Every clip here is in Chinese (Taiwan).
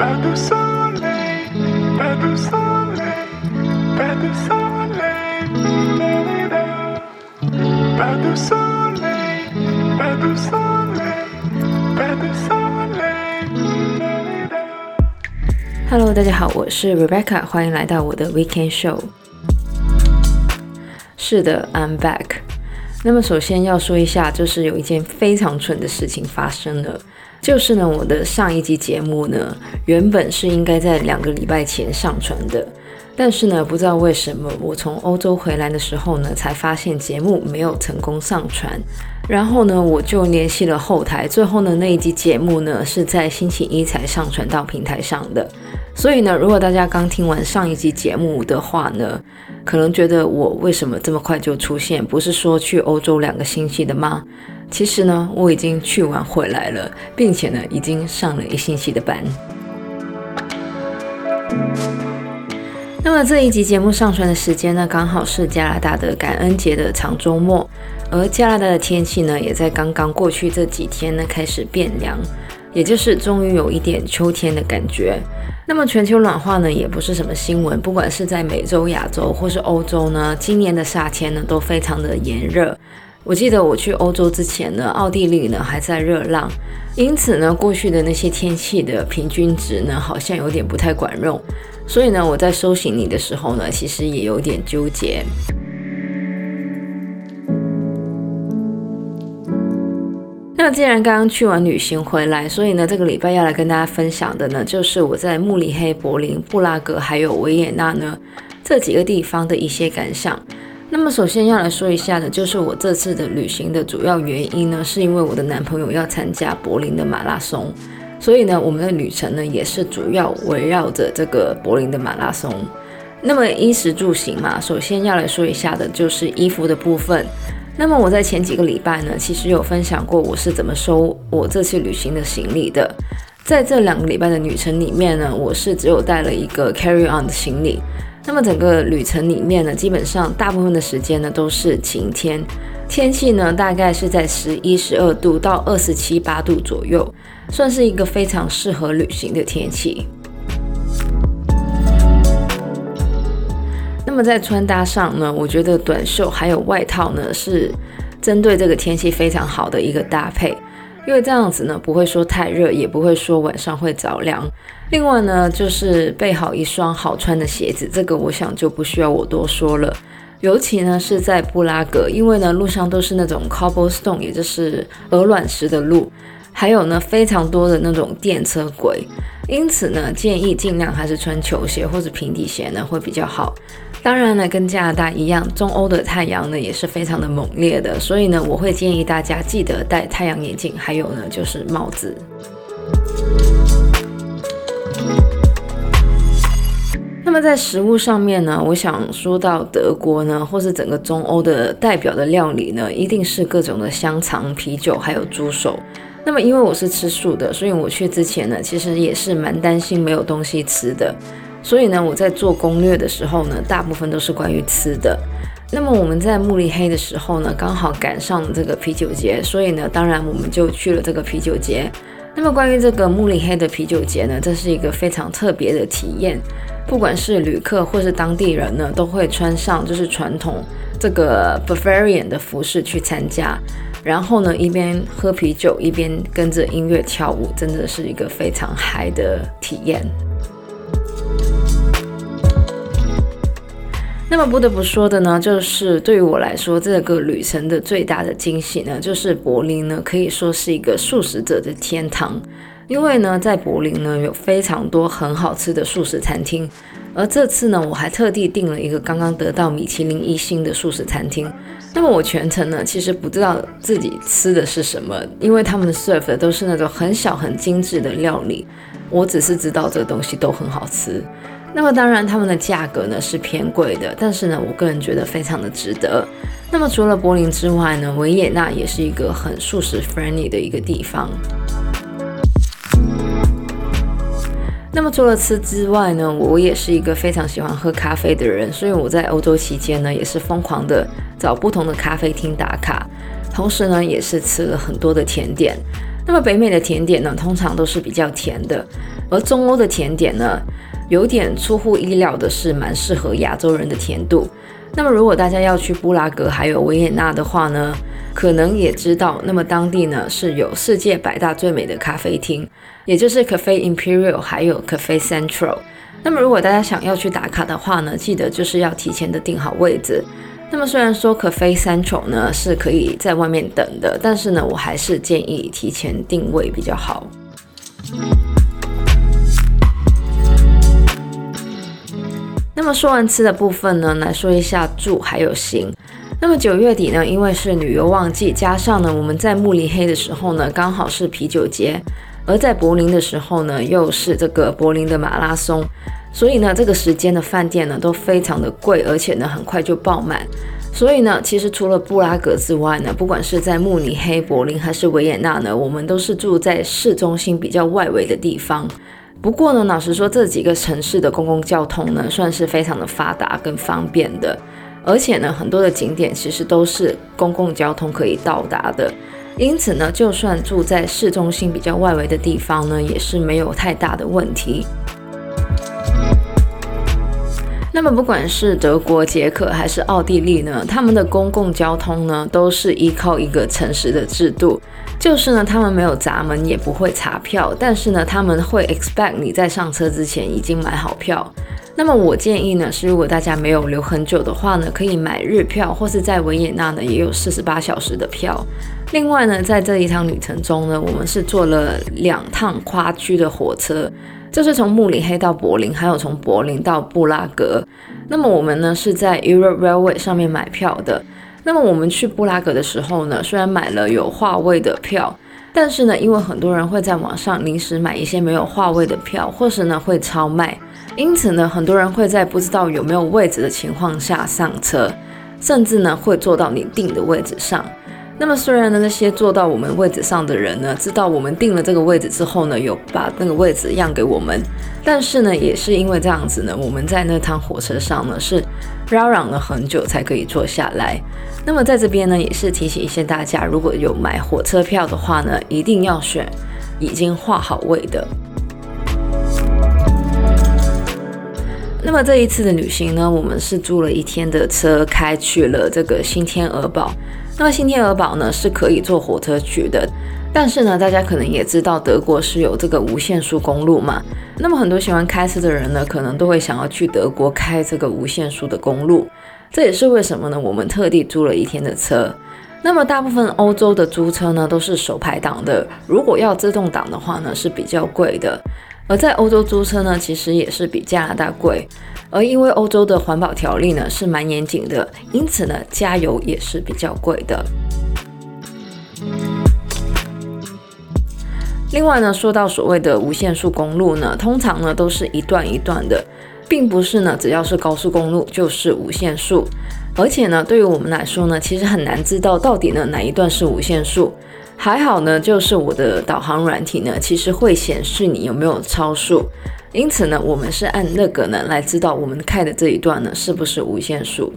Hello，大家好，我是 Rebecca，歡迎來到我的 Weekend Show。是的，I'm back。那麼，首先要說一下，就是有一件非常蠢的事情發生了。就是呢，我的上一集節目呢，原本是應該在兩個禮拜前上傳的，但是呢，不知道為什麼，我從歐洲回來的時候呢，才發現節目沒有成功上傳。然後呢，我就聯繫了後台，最後呢，那一集節目呢，是在星期一才上傳到平台上的。所以呢，如果大家剛聽完上一集節目的話呢，可能覺得我為什麼這麼快就出現？不是說去歐洲兩個星期的嗎？其實呢，我已經去完回來了，並且呢，已經上了一星期的班。那麼這一集節目上傳的時間呢，剛好是加拿大的感恩節的長週末，而加拿大的天氣呢，也在剛剛過去這幾天呢，開始變涼，也就是終於有一點秋天的感覺。那麼全球暖化呢，也不是什麼新聞，不管是在美洲、亞洲或是歐洲呢，今年的夏天呢，都非常的炎熱。我記得我去歐洲之前呢，奧地利呢還在熱浪，因此呢，過去的那些天氣的平均值呢，好像有點不太管用，所以呢，我在收行李的時候呢，其實也有點糾結。 那既然剛剛去完旅行回來，所以呢，這個禮拜要來跟大家分享的呢，就是我在慕尼黑、柏林、布拉格還有維也納呢這幾個地方的一些感想。那麼首先要來說一下的，就是我這次的旅行的主要原因呢，是因為我的男朋友要參加柏林的馬拉松，所以呢，我們的旅程呢也是主要圍繞着這個柏林的馬拉松。那麼衣食住行嘛，首先要來說一下的就是衣服的部分。那麼我在前幾個禮拜呢，其實有分享過我是怎麼收我這次旅行的行李的。在這兩個禮拜的旅程裡面呢，我是只有帶了一個 carry on 的行李。那麼整個旅程裡面呢，基本上大部分的時間呢都是晴天，天氣呢大概是在十一十二度到二十七八度左右，算是一個非常適合旅行的天氣。那麼在穿搭上呢，我覺得短袖還有外套呢是針對這個天氣非常好的一個搭配。因為這樣子呢，不會說太熱，也不會說晚上會着涼。另外呢，就是備好一雙好穿的鞋子，這個我想就不需要我多說了。尤其呢是在布拉格，因為呢路上都是那種 cobblestone，也就是鵝卵石的路，還有呢非常多的那種電車軌，因此呢建議盡量還是穿球鞋或者平底鞋呢會比較好。當然了，跟加拿大一樣，中歐的太陽呢也是非常的猛烈的，所以呢，我會建議大家記得戴太陽眼鏡，還有呢就是帽子。 那麼在食物上面呢，我想說到德國呢，或是整個中歐的代表的料理呢，一定是各種的香腸、啤酒還有豬手。那麼因為我是吃素的，所以我去之前呢，其實也是蠻擔心沒有東西吃的。所以呢，我在做攻略的時候呢，大部分都是關於吃的。那麼我們在慕尼黑的時候呢，剛好趕上了這個啤酒節，所以呢，當然我們就去了這個啤酒節。那麼關於這個慕尼黑的啤酒節呢，這是一個非常特別的體驗。不管是旅客或是當地人呢，都會穿上就是傳統這個 Bavarian 的服飾去參加，然後呢，一邊喝啤酒，一邊跟着音樂跳舞，真的是一個非常嗨的體驗。那麼不得不說的呢，就是對於我來說，這個旅程的最大的驚喜呢，就是柏林呢可以說是一個素食者的天堂，因為呢，在柏林呢有非常多很好吃的素食餐廳，而這次呢我還特地訂了一個剛剛得到米其林一星的素食餐廳。那麼我全程呢其實不知道自己吃的是什麼，因為他們 serve 的都是那種很小很精緻的料理，我只是知道這東西都很好吃。那麼當然，他們的價格呢是偏貴的，但是呢，我個人覺得非常的值得。那麼除了柏林之外呢，維也納也是一個很素食 friendly 的一個地方。那麼除了吃之外呢，我也是一個非常喜歡喝咖啡的人，所以我在歐洲期間呢，也是瘋狂的找不同的咖啡廳打卡，同時呢，也是吃了很多的甜點。那麼北美的甜點呢，通常都是比較甜的，而中歐的甜點呢，有點出乎意料的是，蠻適合亞洲人的甜度。那麼如果大家要去布拉格還有維也納的話呢，可能也知道，那麼當地呢是有世界百大最美的咖啡廳，也就是 Cafe Imperial 還有 Cafe Central。那麼如果大家想要去打卡的話呢，記得就是要提前的訂好位置。那麼雖然說 Cafe Central 呢，是可以在外面等的，但是呢，我還是建議提前訂位，比較好。 那麼說完吃的部分呢，來說一下住還有行。那麼九月底呢，因為是旅遊旺季，加上呢我們在慕尼黑的時候呢剛好是啤酒節，而在柏林的時候呢又是這個柏林的馬拉松。所以呢，這個時間的飯店呢都非常的貴，而且呢很快就爆滿。所以呢，其實除了布拉格之外呢，不管是在慕尼黑、柏林還是維也納呢，我們都是住在市中心比較外圍的地方。不過呢，老實說，這幾個城市的公共交通呢算是非常的發達跟方便的，而且呢很多的景點其實都是公共交通可以到達的。因此呢，就算住在市中心比較外圍的地方呢，也是沒有太大的問題。那麼不管是德國、捷克還是奧地利呢，他們的公共交通呢都是依靠一個誠實的制度，就是呢他們沒有閘門，也不會查票，但是呢他們會 expect 你在上車之前已經買好票。那麼我建議呢是如果大家沒有留很久的話呢，可以買日票，或是在維也納呢也有四十八小時的票。另外呢，在這一趟旅程中呢，我們是坐了兩趟跨區的火車。這、就是從慕尼黑到柏林，還有從柏林到布拉格。那麼我們呢是在 Europe Railway 上面買票的。那麼我們去布拉格的時候呢，雖然買了有劃位的票，但是呢，因為很多人會在網上臨時買一些沒有劃位的票，或是呢會超賣，因此呢，很多人會在不知道有沒有位置的情況下上車，甚至呢會坐到你訂的位置上。那麼雖然呢，那些坐到我們位置上的人呢，知道我們定了這個位置之後呢，有把那個位置讓給我們，但是呢，也是因為這樣子呢，我們在那趟火車上呢是繞嚷，嚷了很久才可以坐下來。那麼在這邊呢，也是提醒一些大家，如果有買火車票的話呢，一定要選已經劃好位的。那麼這一次的旅行呢，我們是坐了一天的車，開去了這個新天鵝堡。那麼新天鵝堡呢是可以坐火車去的，但是呢，大家可能也知道德國是有這個無限速公路嘛。那麼很多喜歡開車的人呢，可能都會想要去德國開這個無限速的公路。這也是為什麼呢，我們特地租了一天的車。那麼大部分歐洲的租車呢都是手排檔的，如果要自動擋的話呢是比較貴的。而在歐洲租車呢，其實也是比加拿大貴。而因為歐洲的環保條例呢是蠻嚴謹的，因此呢加油也是比較貴的。另外呢，說到所謂的無限速公路呢，通常呢都是一段一段的，並不是呢只要是高速公路就是無限速。而且呢，對於我們來說呢，其實很難知道到底呢哪一段是無限速。還好呢，就是我的導航軟體呢，其實會顯示你有沒有超速。因此呢，我們是按那個呢來知道我們開的這一段呢是不是無限速。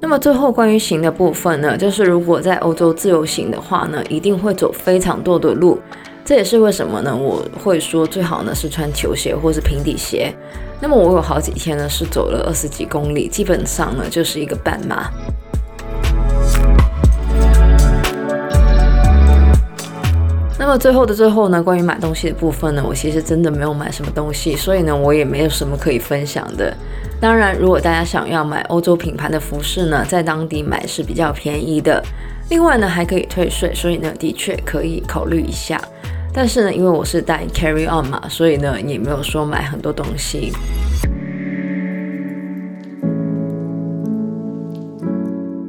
那麼最後關於行的部分呢，就是如果在歐洲自由行的話呢，一定會走非常多的路。這也是為什麼呢，我會說最好呢是穿球鞋或是平底鞋。那麼我有好幾天呢是走了二十幾公里，基本上呢就是一個半馬。那麼最後的最後呢，關於買東西的部分呢，我其實真的沒有買什麼東西，所以呢，我也沒有什麼可以分享的。當然，如果大家想要買歐洲品牌的服飾呢，在當地買是比較便宜的。另外呢，還可以退稅，所以呢，的確可以考慮一下。但是呢，因為我是帶 carry on 嘛，所以呢，也沒有說買很多東西。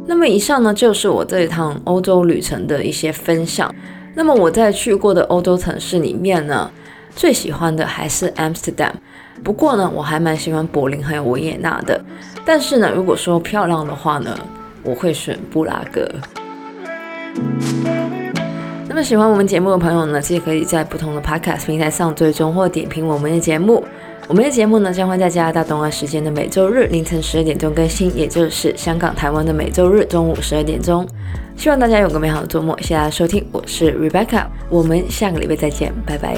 那麼以上呢，就是我這一趟歐洲旅程的一些分享。那麼我在去過的歐洲城市裡面呢，最喜歡的還是 Amsterdam。不過呢，我還蠻喜歡柏林還有維也納的。但是呢，如果說漂亮的話呢，我會選布拉格。喜歡我們節目的朋友呢，既可以在不同的 Podcast 平台上追蹤或點評我們的節目。我們的節目呢，將會在加拿大東岸時間的每周日凌晨十二點鐘更新，也就是香港、台灣的每周日中午十二點鐘。希望大家有個美好的周末，謝謝大家收聽，我是 Rebecca，我們下個禮拜再見，拜拜。